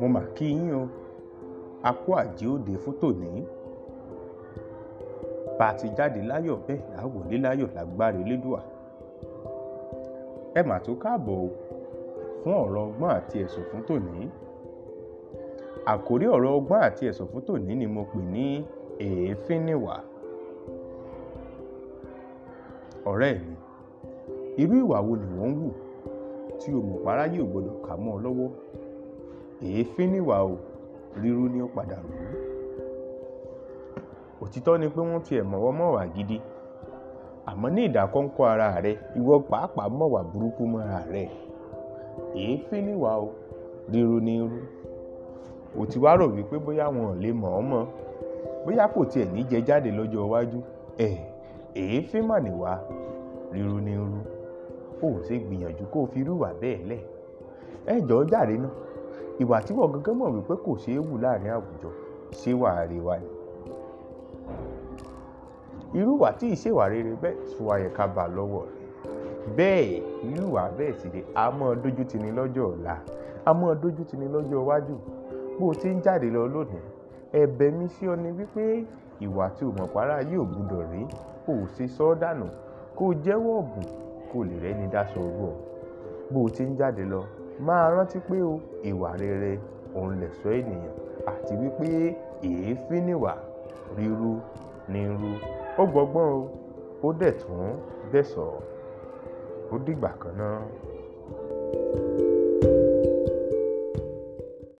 mo mà kí yín o a kó àjẹ́ òde fún tòní bá a ti jáde láyọ̀ bẹ́ẹ̀ là á wọlé láyọ̀ lágbára elédùà ẹ mà tó káàbọ̀ o fún ọ̀rọ̀ ọgbọ́n àti ẹ̀sùn fún tòní àkórí ọ̀rọ̀ ọgbọ́n àti ẹ̀sùn fún tòní ni mo pè ní èéfín níwà ọ̀rẹ́ mi irú ìwà wo ni wọ́n ń wù tí o mọ̀ pàrá yìí ò gbọ́dọ̀ kà mọ́ ọ lọ́wọ́ èéfín níwà o rírú ni ó padà rú òtítọ́ ni pé wọ́n ti ẹ̀ mọ̀wọ́ mọ̀wà gidi àmọ́ ní ìdákọ́ńkọ́ ara rẹ ìwọ pàápàá mọ̀wà burúkú mọ́ra rẹ èéfín níwà o rírú ni rú ò ti wá rò wípé bóyá wọn ò lè mọ̀ ọ́ mọ́ bóyá kò tiẹ̀ ní jẹ jáde lọ́jọ́ iwájú ẹ̀ èéfín mà níwà rírú ni rú o ò ṣe gbìyànjú kó o fi irú ìwà bẹ́ẹ̀ lẹ̀ ẹ jọ̀ọ́ jàre náà ìwà tí wọ́n gangan mọ̀ wípé kò ṣeé wù láàrin àwùjọ ṣé wàá rí wa ni irú ìwà tí ìṣèwà rere bẹ́ẹ̀ sùn àyẹ̀ká bà lọ́wọ́ rẹ̀ bẹ́ẹ̀ irú ìwà bẹ́ẹ̀ sì rèé a máa dojú tini lọ́jọ́ ọ̀la a máa dojú tini lọ́jọ́ iwájú bó o ti ń jáde lọ lónìí ẹ̀bẹ̀ mi sí ọ ni wípé ìwà tí o mọ̀ para yóò gbúdọ̀ rí kó o ṣe sọ ọ́ dànù kó o jẹ́wọ́ ọ̀bùn kò lè rẹ́ni dáṣọ orú ọ bó o ti ń jáde lọ máa rántí pé o ìwà rere òun lẹ̀ṣọ́ ènìyàn àti wípé èéfín níwà ríru ní irú ó gbọ́gbọ́n o ó dẹ̀ tún dẹ̀sọ̀ ó dìgbà kan náà.